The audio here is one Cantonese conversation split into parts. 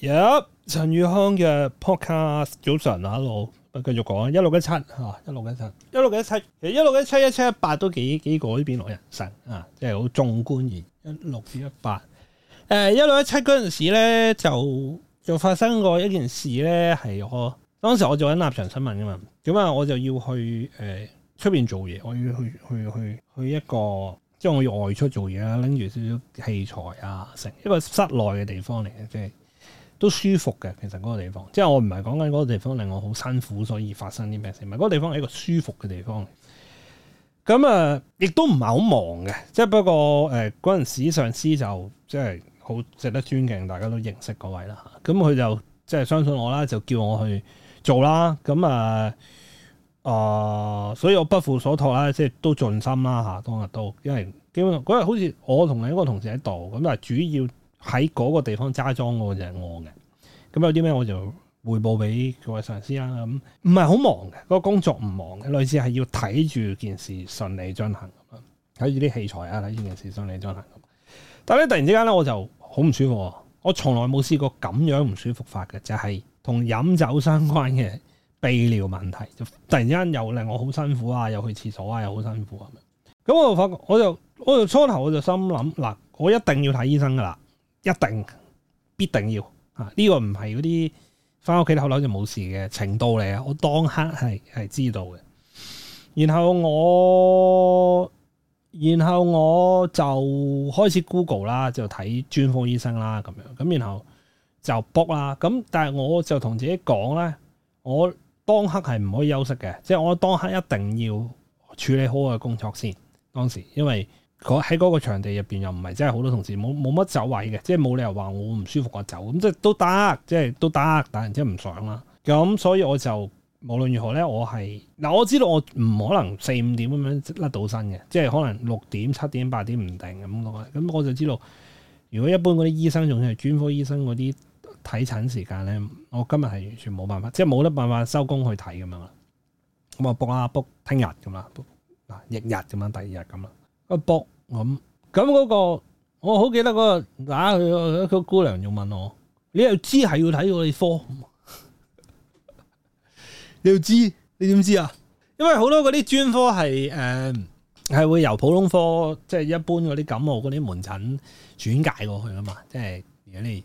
有陳宇康嘅 podcast 早晨啊，一路，我繼續講一六一七吓，一六一七，一六一七，其實一六一七一七一八都幾幾改變我人生啊！即係好縱觀而一六至一八，誒、呃，一六一七嗰陣時咧就就發生過一件事咧，係我當時我做緊立場新聞噶嘛，咁啊，我就要去誒出邊做嘢，我要去去去去一個即係、就是、我要外出做嘢啦，拎住少少器材啊，成一個室內嘅地方嚟嘅，即係。都舒服嘅，其實嗰個地方，即係我唔係講緊嗰個地方令我好辛苦，所以發生啲咩事，唔係嗰個地方係一個舒服嘅地方。咁啊，亦都唔係好忙嘅，即係不過誒嗰陣時上司就即係好值得尊敬，大家都認識嗰位啦。咁佢就即係相信我啦，就叫我去做啦。咁啊，啊、呃，所以我不負所託啦，即係都盡心啦嚇、啊，當日都，因為基本嗰日好似我同另一個同事喺度，咁但係主要。喺嗰個地方揸裝嗰個就係我嘅，咁有啲咩我就彙報俾各位上司啦。咁唔係好忙嘅，個工作唔忙嘅，類似係要睇住件事順利進行咁樣，睇住啲器材啊，睇住件事順利進行咁。但係咧，突然之間咧，我就好唔舒服，我從來冇試過咁樣唔舒服法嘅，就係同飲酒相關嘅泌尿問題，就突然之間又令我好辛苦啊，又去廁所啊，又好辛苦咁樣。咁我就發覺，我就我就初頭我就心諗嗱，我一定要睇醫生㗎啦。一定必定要啊！呢個唔係嗰啲翻屋企睇下樓就冇事嘅程度嚟啊！我當刻係係知道嘅，然後我然後我就開始 Google 啦，就睇專科醫生啦咁樣，咁然後就 book 啦。咁但係我就同自己講咧，我當刻係唔可以休息嘅，即係我當刻一定要處理好我嘅工作先。當時因為。喺嗰個場地入面，又唔係真係好多同事冇冇乜走位嘅，即係冇理由話我唔舒服我、啊、走咁，即係都得，即係都得，但係唔想啦。咁所以我就無論如何咧，我係嗱，我知道我唔可能四五點咁樣甩到身嘅，即係可能六點七點八點唔定咁，咁我就知道，如果一般嗰啲醫生，仲要係專科醫生嗰啲睇診時間咧，我今日係完全冇辦法，即係冇得辦法收工去睇咁樣啦。咁啊卜啦卜，聽日咁啦，嗱日咁樣，第二日咁啦，卜。咁咁嗰個，我好記得嗰、嗰個嗱，佢、啊那個姑娘又問我，你又知係要睇我哋科 你，你要知你點知啊？因為好多嗰啲專科係誒，係、呃、會由普通科即係、就是、一般嗰啲感冒嗰啲門診轉介過去啦嘛。即係如果你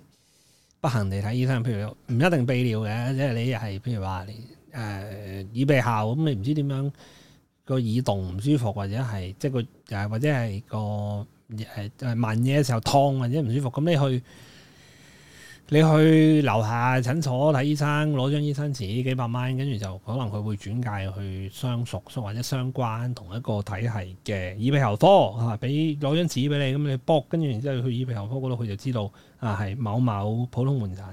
不幸地睇醫生，譬如唔一定鼻料嘅，即係你又係譬如話你誒耳鼻喉咁，你唔知點樣。個耳洞唔舒服，或者係即係個，又或者係個係係問嘢嘅時候痛或者唔舒服，咁你去你去樓下診所睇醫生攞張醫生紙幾百蚊，跟住就可能佢會轉介去相熟或者相關同一個體系嘅耳鼻喉科吓，俾攞張紙俾你，咁你卜，跟住然之後去耳鼻喉科嗰度佢就知道啊，係某某普通門診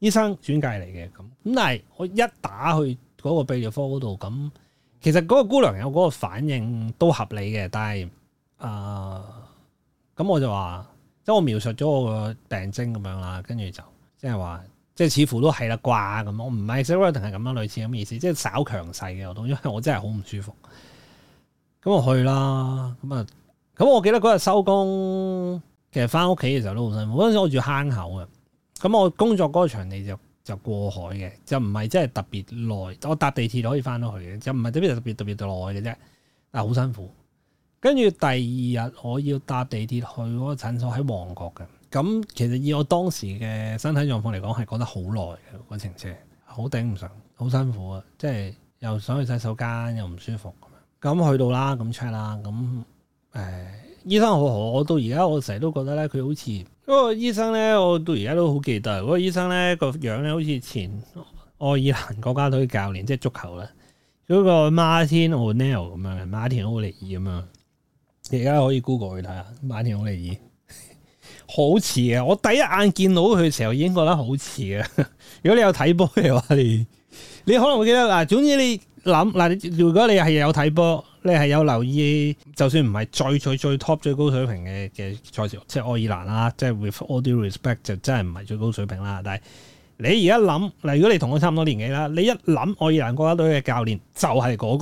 醫生轉介嚟嘅，咁咁但係我一打去嗰個泌尿科嗰度咁。其實嗰個姑娘有嗰個反應都合理嘅，但係啊，咁、呃、我就話即係我描述咗我個病徵咁樣啦，跟住就、就是、說即係話即係似乎都係啦啩咁，我唔係 severely 定係咁樣，A、類似咁意思，即係稍強勢嘅我都，因為我真係好唔舒服。咁我去啦，咁啊，咁我記得嗰日收工，其實翻屋企嘅時候都好辛苦。嗰陣時我住坑口嘅，咁我工作嗰個場地就。就過海嘅，就唔係真係特別耐。我搭地鐵可以翻到去嘅，就唔係特別特別特別耐嘅啫。但係，好辛苦。跟住第二日我要搭地鐵去嗰個診所喺旺角嘅。咁其實以我當時嘅身體狀況嚟講，係覺得好耐嘅嗰程車，好頂唔順，好辛苦啊！即係又想去洗手間，又唔舒服咁去到啦，咁 check 啦，咁誒醫生好好。我到而家我成日都覺得咧，佢好似～嗰個醫生咧，我到而家都好記得。嗰、嗰個醫生咧個樣咧，好似前愛爾蘭國家隊教練，即係足球啦。嗰個 Martin O'Neill, Martin O'Neill 咁樣，馬田奧尼爾咁樣。你而家可以 Google 去睇下馬田奧尼爾，ill，好似嘅。我第一眼見到佢嘅時候已經覺得好似嘅。如果你有睇波嘅話，你你可能會記得嗱。總之你諗嗱，如果你係有睇波。你係有留意，就算唔係最最最 top 最高水平嘅嘅賽事，即係愛爾蘭啦，即係 with all the respect 就真係唔係最高水平啦。但係你而家諗，嗱如果你同我差唔多年紀啦，你一諗愛爾蘭國家隊嘅教練就係嗰、嗰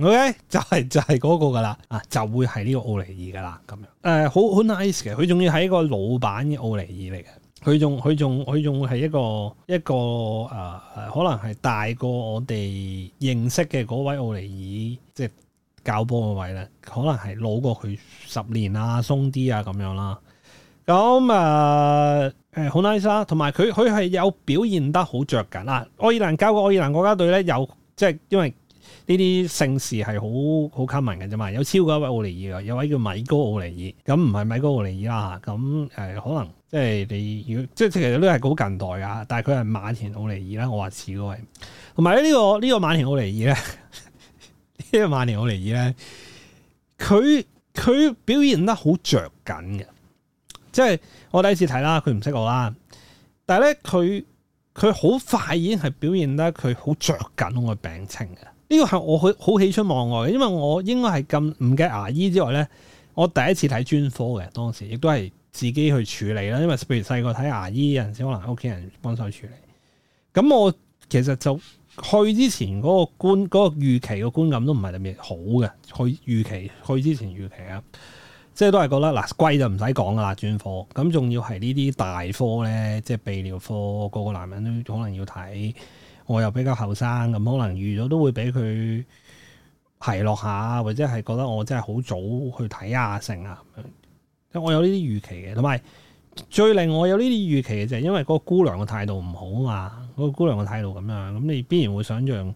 個，OK 就係、係、就係、係、嗰個㗎啦，啊就會係呢個奧尼爾㗎啦咁樣。誒好好 nice 嘅，佢仲要係一個老版嘅奧尼爾嚟嘅，佢仲佢仲佢仲係一個一個誒、呃、可能係大過我哋認識嘅嗰位奧尼爾，即係。教波嘅位咧，可能係老過佢十年鬆一點啊，鬆啲啊咁樣那、呃欸、啦。咁啊，誒好 nice 啦。同埋佢佢係有表現得好着緊嗱。愛爾蘭教過愛爾蘭國家隊咧，有即係、就是、因為呢啲姓氏係好好 common 嘅啫嘛。有超過一位奧尼爾啊，有位叫米高奧尼爾。咁唔係米高奧尼爾啦。咁誒、呃，可能即係你要即係其實都係好近代噶。但係佢係馬田奧尼爾啦。我話似嗰位。同埋呢個呢、這個馬田奧尼爾咧。 呢個萬年我嚟依咧，佢佢表現得好着緊嘅，即係我第一次睇啦，佢唔識我啦，但係咧佢佢好快已經係表現得佢好着緊我嘅病情嘅。呢個係我好好喜出望外，因為我應該係咁唔計牙醫之外咧，我第一次睇專科嘅，當時亦都係自己去處理啦，因為譬如細個睇牙醫有陣時候可能屋企人幫手處理，咁我。其實就去之前嗰個觀，嗰個預期嘅觀感都唔係特別好嘅。去預期去之前預期啊，即係都係覺得嗱，貴就唔使講啦，專科咁，仲要係呢啲大科咧，即係泌尿科，個個男人都可能要睇。我又比較後生，咁可能預咗都會俾佢係落下，或者係覺得我真係好早去睇啊，成啊，咁我有呢啲預期嘅，同埋。最令我有呢啲預期嘅就係因為嗰個姑娘嘅態度唔好啊嘛，嗰個姑娘嘅態度咁樣，咁你必然會想象，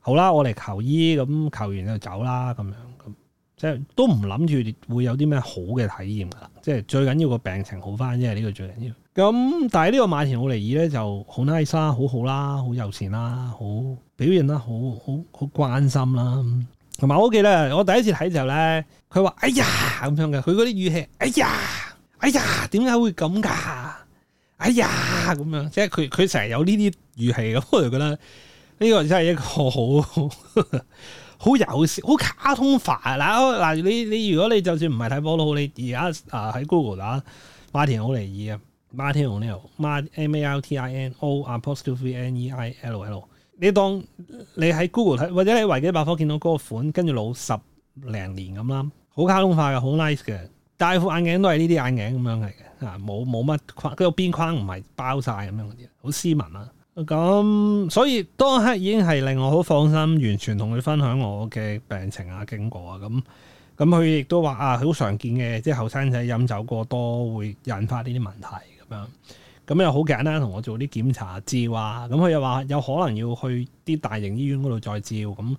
好啦，我嚟求醫，咁求完就走啦，咁樣，咁即係都唔諗住會有啲咩好嘅體驗噶啦，即係最緊要個病情好翻啫，呢個最緊要。咁但係呢個馬田奧尼爾咧就好 nice 啦，好好啦，好友善啦，好表現得好好好好關心啦。同埋我記得我第一次睇嘅時候咧，佢話：哎呀咁樣嘅，佢嗰啲語氣：「哎呀。哎呀，點解會咁㗎？哎呀，咁樣即係佢佢成日有呢啲語氣咁，我就覺得呢個真係一個好好好好卡通化嗱嗱。你你如果你就算唔係睇波都好，你而家啊喺 Google 打 Martin 馬田奧尼爾，馬 M A L T I N O 啊，apostrophe N E I L L。你當你喺 Google 睇，或者你維基百科見到嗰個款，跟住老十零年咁啦，好卡通化嘅，好 nice 嘅。戴副眼鏡都係呢啲眼鏡咁樣嚟嘅嚇，冇冇乜框，嗰個邊框唔係包晒咁樣嗰啲，好斯文啊。咁所以當刻已經係令我好放心，完全同佢分享我嘅病情啊、經過啊。咁咁佢亦都話啊，佢好常見嘅，即係後生仔飲酒過多會引發呢啲問題咁樣。咁又好簡單，同我做啲檢查照啊。咁佢又話有可能要去啲大型醫院嗰度再照咁。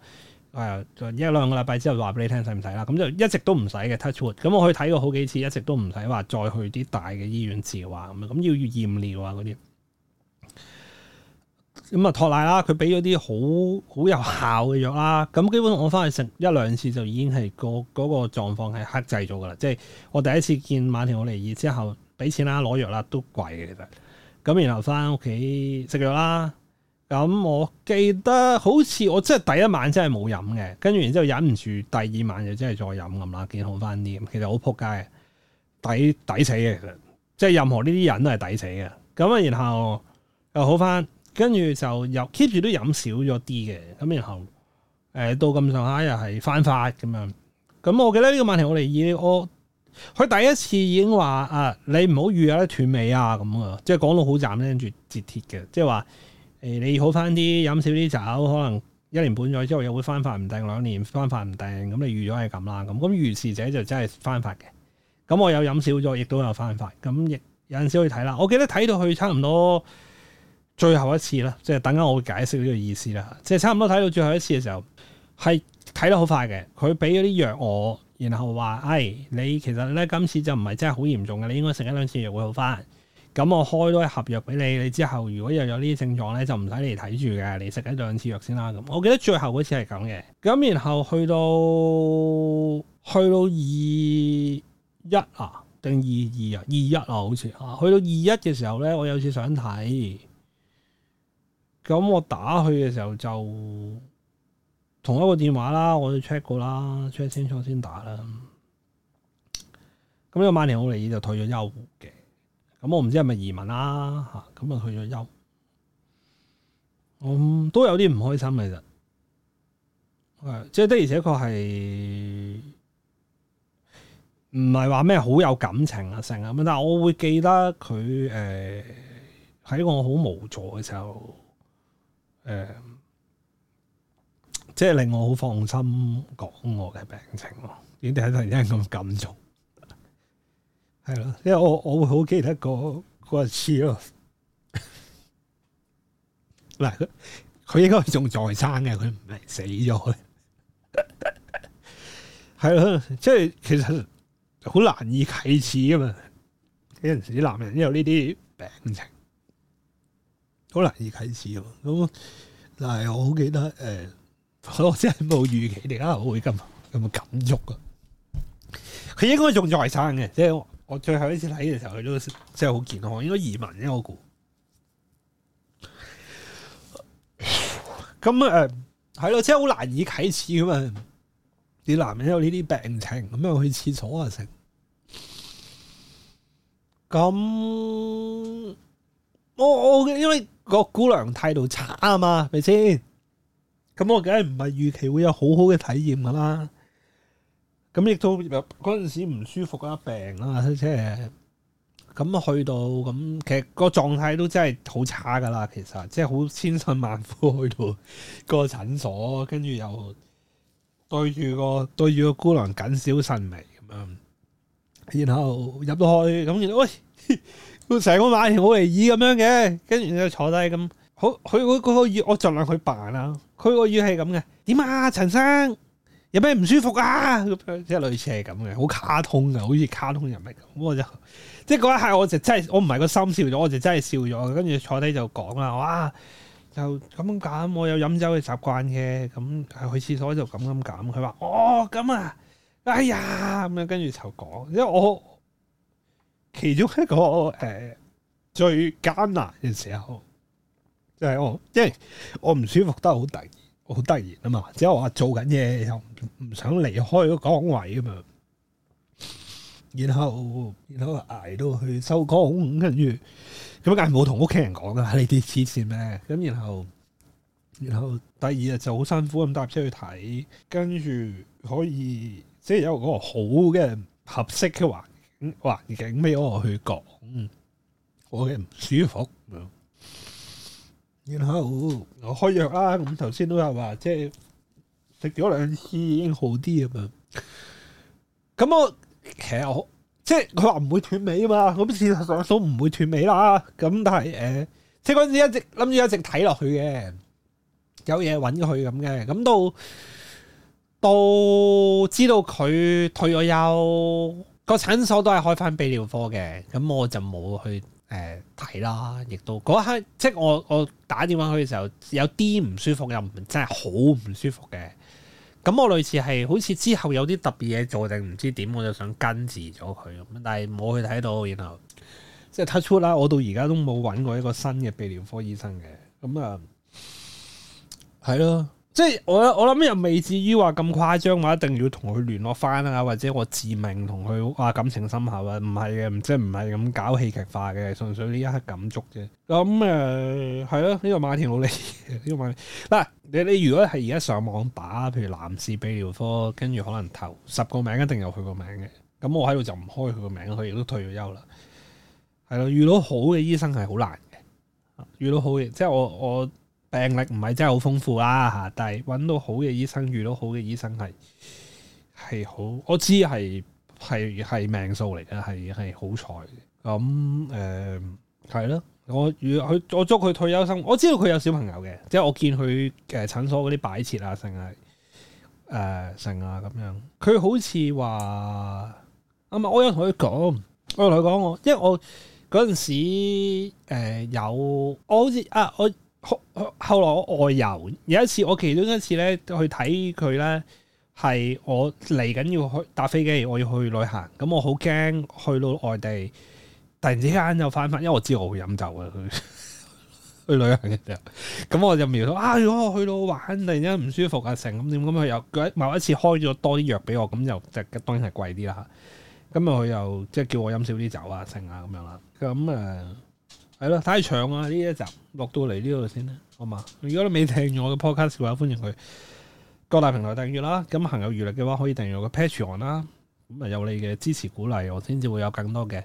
誒，再、哎、一兩個禮拜之後話俾你聽使唔使啦？咁就一直都唔使嘅 touch wood，咁我去睇過好幾次，一直都唔使話再去啲大嘅醫院治話咁咁要要驗尿啊嗰啲，咁啊托賴啦，佢俾咗啲好好有效嘅藥啦，咁基本我翻去食一兩次就已經係、那個嗰、那個狀況係克制咗噶啦，即、就、係、是、我第一次見馬田奧利爾之後，俾錢啦攞藥啦都貴嘅其實，咁然後翻屋企食藥啦。咁我記得好似我真係第一晚真係冇飲嘅，跟住然之後忍唔住第二晚就真係再飲咁啦，見好翻啲，其實好撲街，抵抵死嘅其實，即係任何呢啲人都係抵死嘅。咁啊，然後又好翻，跟住就又 keep 住都飲少咗啲嘅，咁然後、呃、到咁上下又係翻發。咁樣。咁我記得呢個問題我哋以我佢第一次已經話啊，你唔好預有啲斷尾啊咁啊，即係講到好站咧，跟住截鐵嘅，即係話。哎，你好翻啲，飲少啲酒，可能一年半載之後又會翻發唔定，兩年翻發唔定，咁你預咗係咁啦。咁咁如是者就真係翻發嘅。咁我有飲少咗，亦都有翻發，咁亦有陣時去睇啦。我記得睇到去差唔多最後一次啦，即係等緊我會解釋呢個意思啦。即係差唔多睇到最後一次嘅時候，係睇得好快嘅。佢俾咗啲藥我，然後話：哎，你其實咧今次就唔係真係好嚴重嘅，你應該食一兩次藥會好翻。咁我開多一盒藥俾你，你之後如果又有呢啲症狀咧，就唔使嚟睇住嘅，你食一兩次藥先啦。咁我記得最後嗰次係咁嘅，咁然後去到去到二一啊定二二啊二一啊好似啊，去到二一嘅時候咧，我有次想睇，咁我打去嘅時候就同一個電話啦，我 check 過啦，check 清楚先打啦。咁呢個馬田奧利就退咗休嘅。咁、嗯、我唔知係咪移民啦、啊、吓，咁、嗯、啊去咗休，我、嗯、都有啲唔開心其實，嗯、即係的而且確係唔係話咩好有感情啊成咁，但係我會記得佢誒喺我好無助嘅時候，誒、呃，即係令我好放心講我嘅病情咯，點解突然間咁感觸？係咯，因為我我會好記得嗰、那、嗰個次咯。嗱，佢 佢應該仲在生嘅，佢唔係死咗。係 咯，即係其實好難以啟齒噶嘛。有陣時啲男人有呢啲病情，好難以啟齒咯。咁嗱，但我好記得誒、欸，我真係冇預期你而家會咁咁感觸噶。佢應該仲在生嘅，即係。我最後一次睇嘅時候，佢都真係好健康，應該移民嘅我估。咁 誒、嗯，係、嗯、咯，真係好難以啟齒㗎嘛。啲男人有呢啲病情，咁樣去廁所啊成。咁、嗯、我我因為個姑娘態度差啊嘛，咪先。咁、嗯、我梗係唔係預期會有好好嘅體驗噶啦。咁亦都嗰陣時唔舒服啊，病啊，即係咁去到，咁其實個狀態都真係好差噶啦，其實即係好千辛萬苦去到個診所，跟住又對住個對住個姑娘謹小慎微咁樣，然後入到去，咁然喂，佢成個買條好嚟椅，咁樣嘅，跟住就坐低咁，好佢佢佢語氣我盡量去扮啦。佢個語氣咁嘅，點啊，陳生？有咩唔舒服啊？即係類似係咁嘅，好卡通㗎，好似卡通人物咁。我就即係嗰一刻我我，我就真係我唔係個心笑咗，我就真係笑咗。跟住坐低就講啦，哇！就咁咁，我有飲酒嘅習慣嘅，咁去廁所就咁咁。佢話哦咁啊，哎呀咁樣，跟住就講，因為我其中一個誒、呃、最艱難嘅時候就係我，即係我唔舒服得好抵。好突然啊嘛，即係話做緊嘢又唔想離開個崗位咁樣，然後然後捱到去收工，跟住咁梗係冇同屋企人講啦，呢啲黐線咩？咁然後然後，然後第二日就好辛苦咁搭車去睇，跟住可以即係有嗰個好嘅合適嘅環境環境，俾我去講，我嘅唔舒服。然後 you know，我開藥啦，咁頭先都有話，即係食咗兩次已經好啲咁樣。咁我其實我即係佢話唔會斷尾啊嘛，咁事實上數唔會斷尾啦。咁但係誒，即係嗰陣時一直諗住一直睇落去嘅，有嘢搵佢咁嘅。咁到到知道佢退咗休，那個診所都係開翻泌尿科嘅，咁我就冇去。誒，睇、嗯、啦，亦都嗰刻，即係我我打電話去嘅時候，有啲唔舒服，又唔真係好唔舒服嘅。咁我類似係，好似之後有啲特別嘢做定唔知點，我就想根治咗佢咁。但係冇去睇到，然後即係 touch 啦。我到而家都冇揾過一個新嘅泌尿科醫生嘅。咁、嗯、啊，係咯、嗯。即係我我諗又未至於話咁誇張，話一定要同佢聯絡翻啊，或者我致命同佢啊感情深厚啊，唔係嘅，唔即係唔係咁搞戲劇化嘅，純粹呢一刻感觸啫。咁誒係咯，呢個馬田老叻，呢個馬田，嗱、啊、你你如果係而家上網打，譬如男士泌尿科，跟住可能頭十個名一定有佢個名嘅。咁我喺度就唔開佢個名，佢亦都退咗休啦。係咯，遇到好嘅醫生係好難嘅，遇到好嘅即係我我。我病歷唔係真係好豐富啦，吓，但係揾到好嘅醫生，遇到好嘅醫生係係好，我知係係係命數嚟嘅，係係好彩。咁誒，係咯，我與佢我祝佢退休生我知道佢有小朋友嘅，即係我見佢嘅診所嗰啲擺設啊，成日誒成啊咁樣。佢好似話咁啊，我有同佢講，我同佢講我，因為我嗰陣時誒、呃、有我好似啊我。後來我外遊，有一次我其中一次咧，去睇佢咧，係我嚟緊要去搭飛機，我要去旅行，咁我好驚去到外地，突然之間又翻翻，因為我知我會飲酒嘅，去去旅行嘅時候，咁我就苗到啊，如果我去到玩，突然間唔舒服啊，成咁點咁，佢又某一次開咗多啲藥俾我，咁就即當然係貴啲啦，咁啊佢又即係叫我飲少啲酒啊，成啊咁樣啦，咁、呃係咯，太長啊！呢一集落到嚟呢度先啦，好嘛？如果你未訂閱我嘅 podcast 嘅話，歡迎去各大平台訂閱啦。咁行有餘力嘅話，可以訂閱我嘅 Patreon 啦。咁啊，有你嘅支持鼓勵，我先至會有更多嘅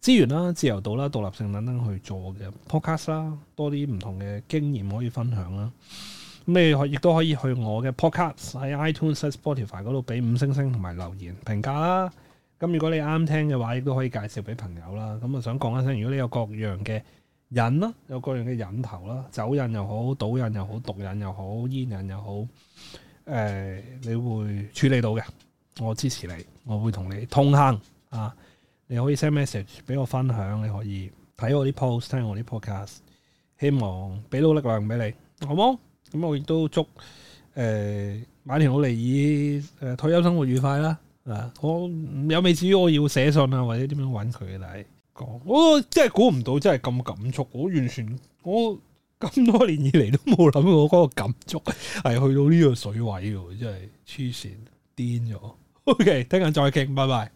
資源啦、自由度啦、獨立性等等去做嘅 podcast 啦。多啲唔同嘅經驗可以分享啦。咁你亦都可以去我嘅 podcast 喺 iTunes、Spotify 嗰度俾五星星同埋留言評價啦。咁如果你啱聽嘅話，亦都可以介紹俾朋友啦。咁我想講一聲，如果你有各樣嘅癮啦，有各樣嘅癮頭啦，酒癮又好，賭癮又好，毒癮又好，煙癮又好，誒、呃，你會處理到嘅。我支持你，我會同你同行啊！你可以 send message 俾我分享，你可以睇我啲 post，聽我啲 podcast，希望俾到力量俾你，好冇？咁我亦都祝誒馬田奧尼爾退休生活愉快啦！啊！我有未至於我要寫信啊，或者點樣揾佢但係講，我真係估唔到，真係咁感觸。我完全我咁多年以嚟都冇諗過嗰個感觸係去到呢個水位喎！真係黐線癲咗。OK，聽日再傾，拜拜。